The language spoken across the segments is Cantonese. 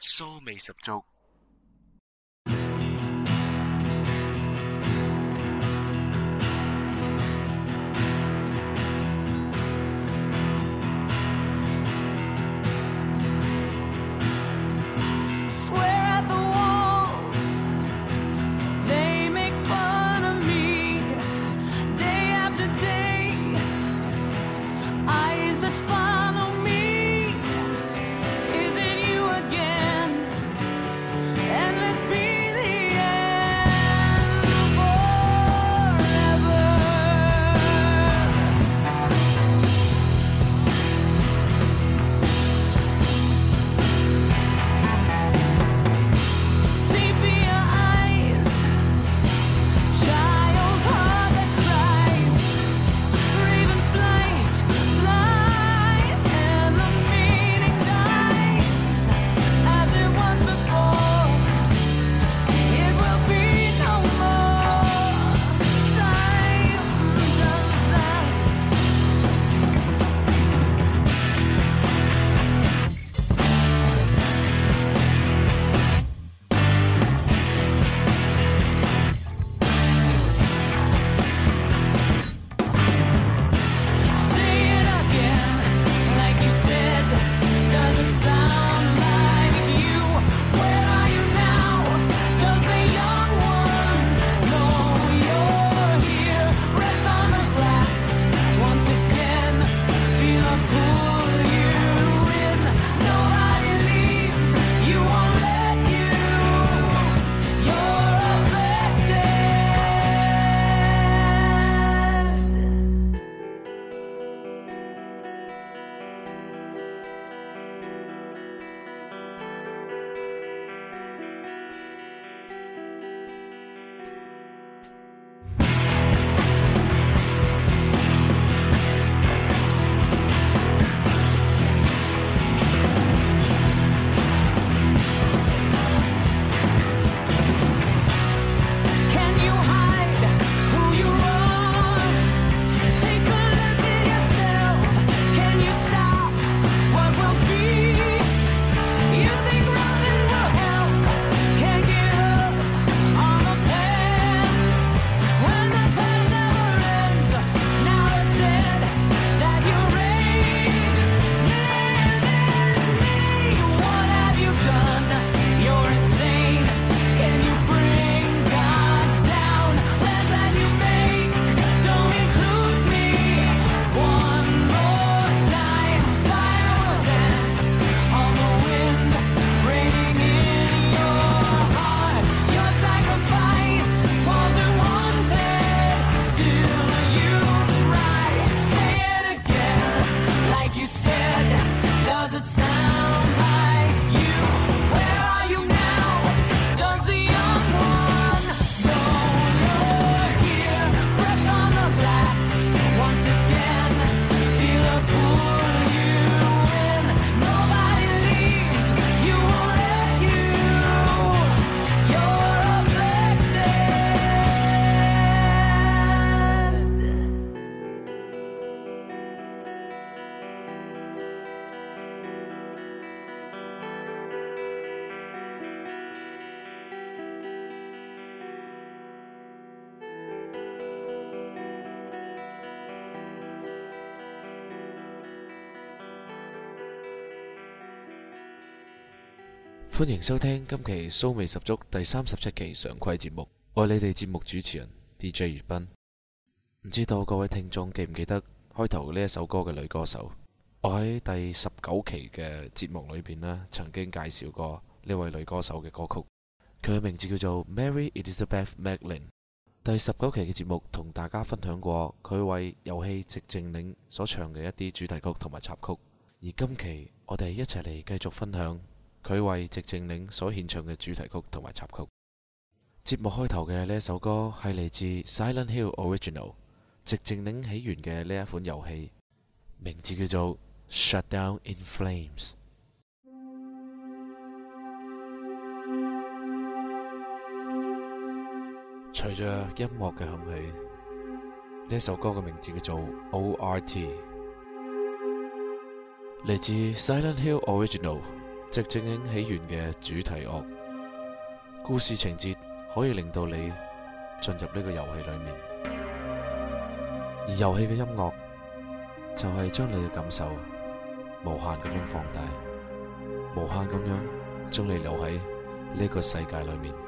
酥味十足。歡迎收聽今期蘇味、so，十足第三十七期常規節目，我係你哋節目主持人 DJ 宇斌。唔知道各位聽眾記唔記得開頭呢一首歌嘅女歌手？我喺第十九期嘅節目裏邊咧，曾經介紹過呢位女歌手嘅歌曲，佢嘅名字叫做 Mary Elizabeth McGlynn。第十九期嘅節目同大家分享過佢為遊戲寂靜嶺所唱嘅一啲主題曲同埋插曲，而今期我哋一齊嚟繼續分享。佢為《寂靜嶺》所獻唱嘅主題曲同埋插曲。節目開頭嘅呢一首歌係嚟自《Silent Hill Original》《寂靜嶺》起源嘅呢一款遊戲，名字叫做《Shut Down in Flames》。隨着音樂嘅響起，呢首歌嘅名字叫做《O R T》，嚟自《Silent Hill Original》。《寂靜嶺》起源嘅主題樂，故事情節可以令到你進入呢個遊戲裏面，而遊戲嘅音樂就係將你嘅感受無限咁樣放大，無限咁樣將你留喺呢個世界裏面。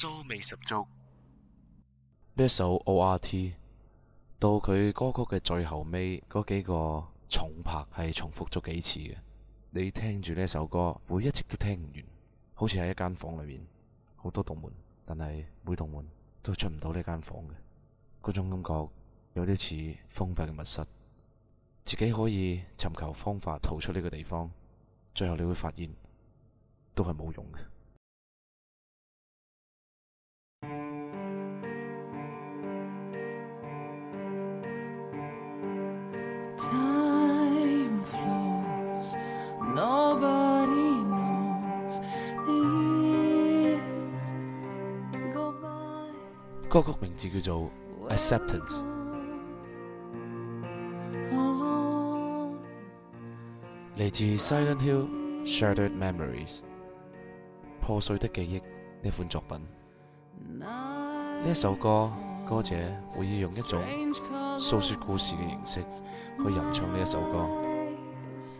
騷味十足。呢首 O.R.T. 到佢歌曲嘅最後尾嗰幾個重拍係重複咗幾次嘅。你聽住呢首歌會一直都聽唔完，好似喺一間房裏面好多度門，但係每度門都出唔到呢間房嘅。嗰種感覺有啲似封閉嘅密室，自己可以尋求方法逃出呢個地方，最後你會發現都係冇用嘅。歌曲名字叫做《Acceptance》，嚟自 Silent Hill《Shattered Memories》破碎的記憶呢款作品。呢一首歌歌者會要用一種訴說故事嘅形式去吟唱呢一首歌，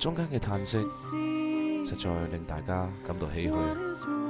中間嘅嘆息實在令大家感到唏噓。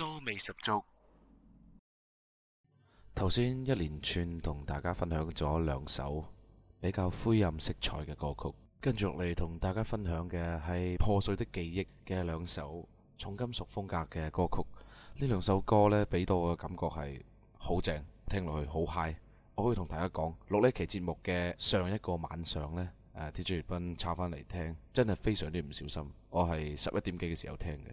騷味十足。頭先一連串同大家分享咗兩首比較灰暗色彩嘅歌曲，跟住落嚟同大家分享嘅係《破碎的記憶》嘅兩首重金屬風格嘅歌曲。呢兩首歌咧，俾到我嘅感覺係好正，聽落去好嗨。我可以同大家講，錄呢期節目嘅上一個晚上呢，誒、啊，鐵柱斌插翻嚟聽，真係非常之唔小心。我係十一點幾嘅時候聽嘅。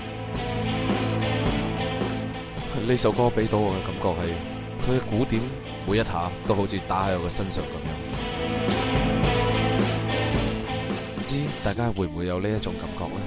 呢首歌俾到我嘅感覺係，佢嘅鼓點每一下都好似打喺我嘅身上咁樣。唔知大家會唔會有呢一種感覺呢？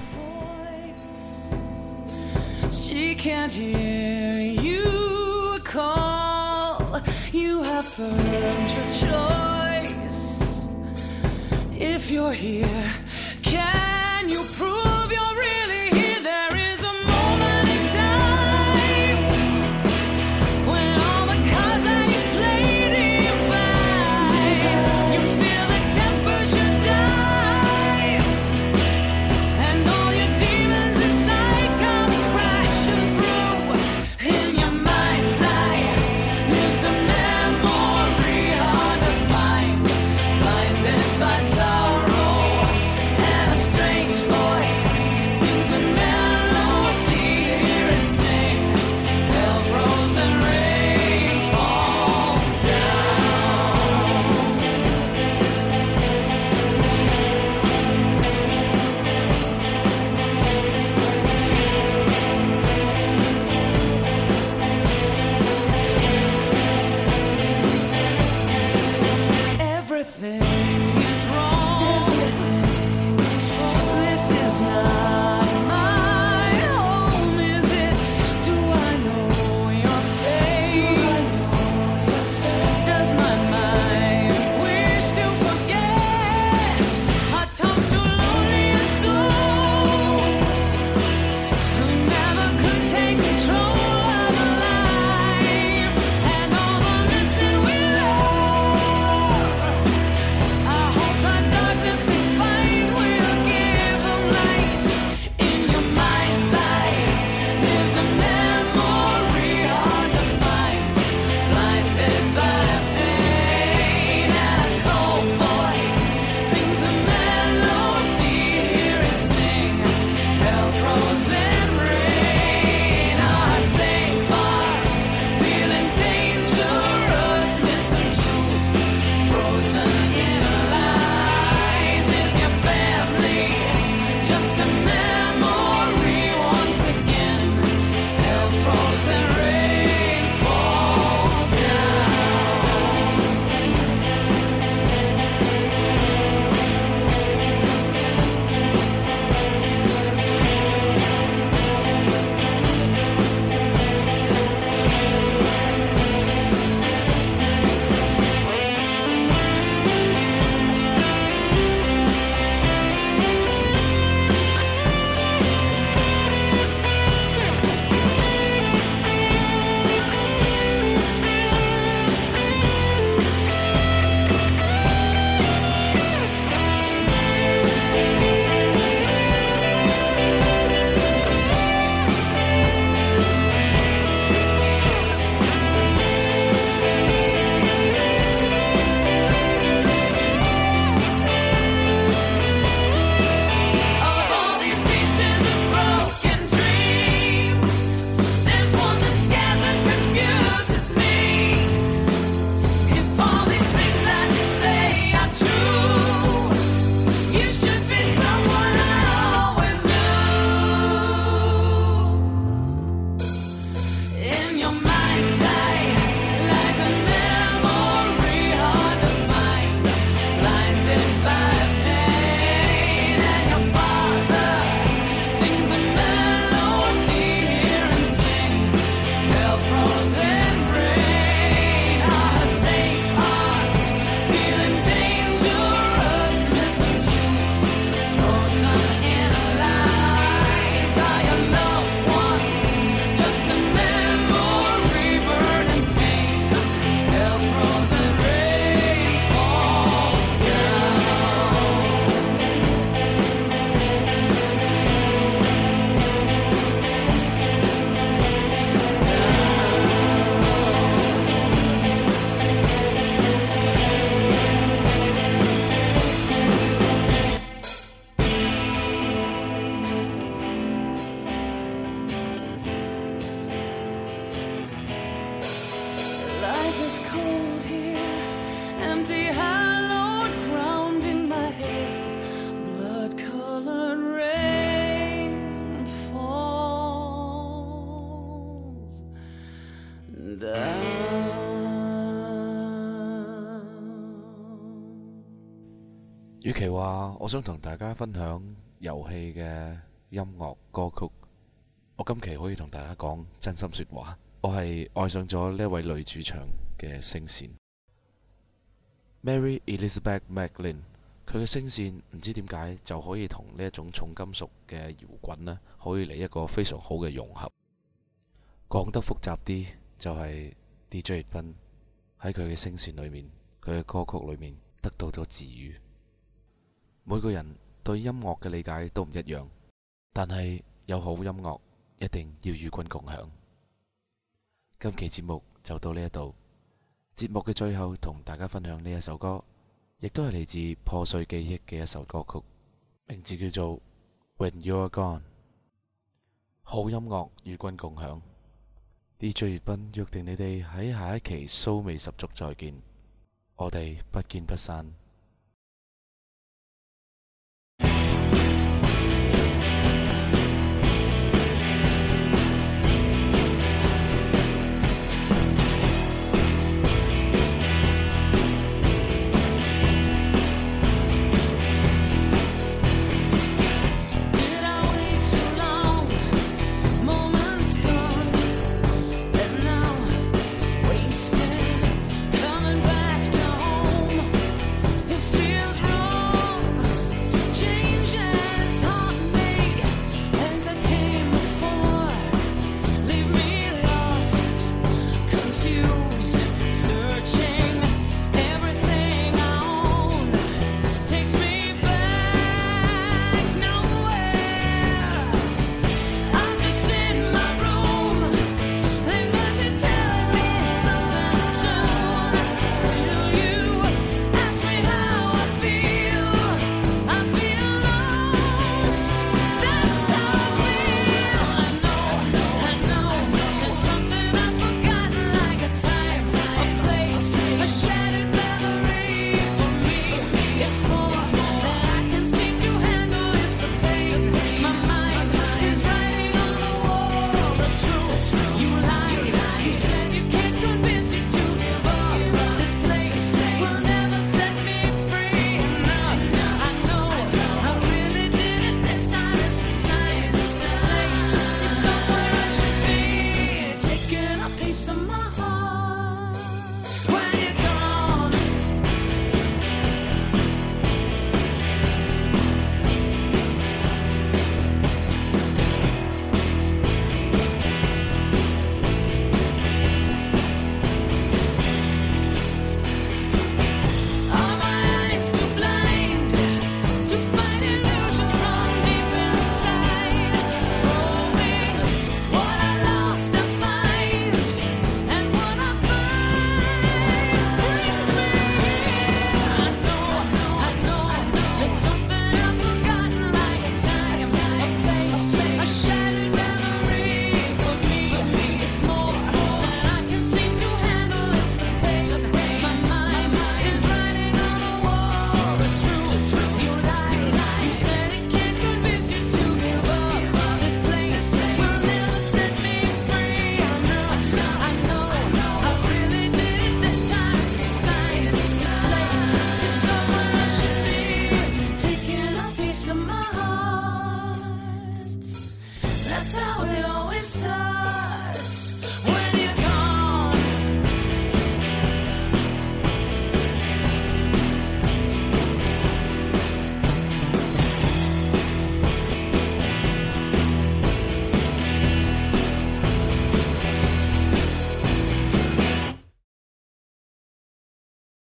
與其話，我想同大家分享遊戲嘅音樂歌曲，我今期可以同大家講真心說話。我係愛上咗呢位女主唱嘅聲線，Mary Elizabeth McGlynn。佢嘅聲線唔知點解就可以同呢一種重金屬嘅搖滾咧，可以嚟一個非常好嘅融合。講得複雜啲，就係、是、DJ Ben 喺佢嘅聲線裏面，佢嘅歌曲裏面得到咗治癒。每個人對音樂嘅理解都唔一樣，但係有好音樂一定要與君共享。今期節目就到呢一度，節目嘅最後同大家分享呢一首歌，亦都係嚟自破碎記憶嘅一首歌曲，名字叫做《When You Are Gone》。好音樂與君共享，DJ 月斌約定你哋喺下一期騷味十足再見，我哋不見不散。